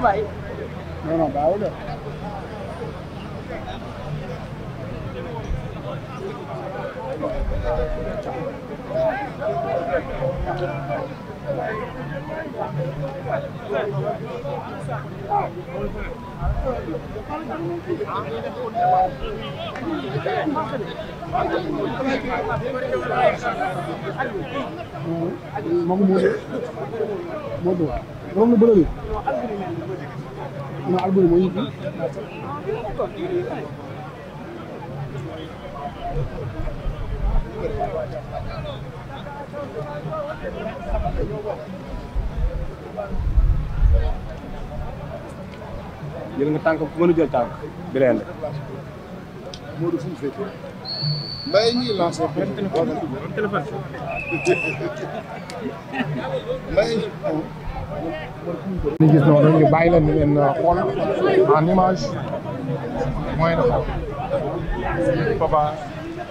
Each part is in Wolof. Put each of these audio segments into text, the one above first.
Vai. Não, não, baú não. moom moo moo doon borom lu bëri non alburi moo ñu jël nga tànk ku mën a jël tànk bi leen Modou fu mbay ñuy mbay ñu noonu ñu bàyyi leen leen xool en image moyen de xool Papa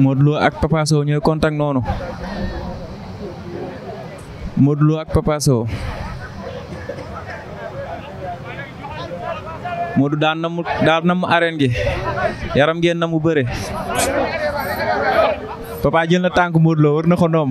Modou ak Papa Sow ñooy contact noonu Modou ak Papa Sow Modou daan na gi yaram ngeen na mu bëre Papa jël na tànk Modou war na ko noom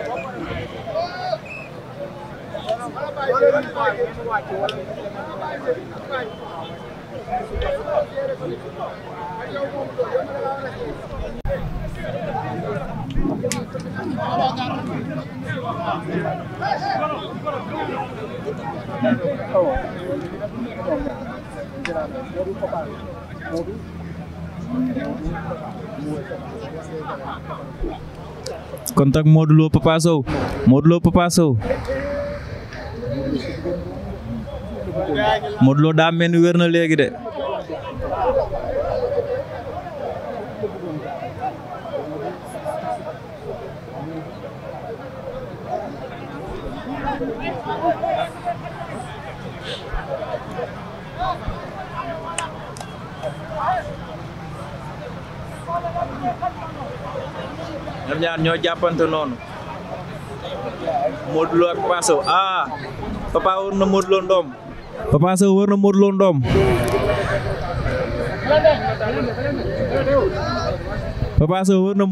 Kontak Modou Lo Papa Sow Modou Modou daa mel ni wér na léegi de. ñoo jàppante noonu Modou ak Papa Sow ah Papa na Modou Lo ndoom Papa Sow wër na Modou Lo wër na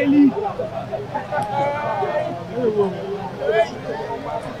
Modou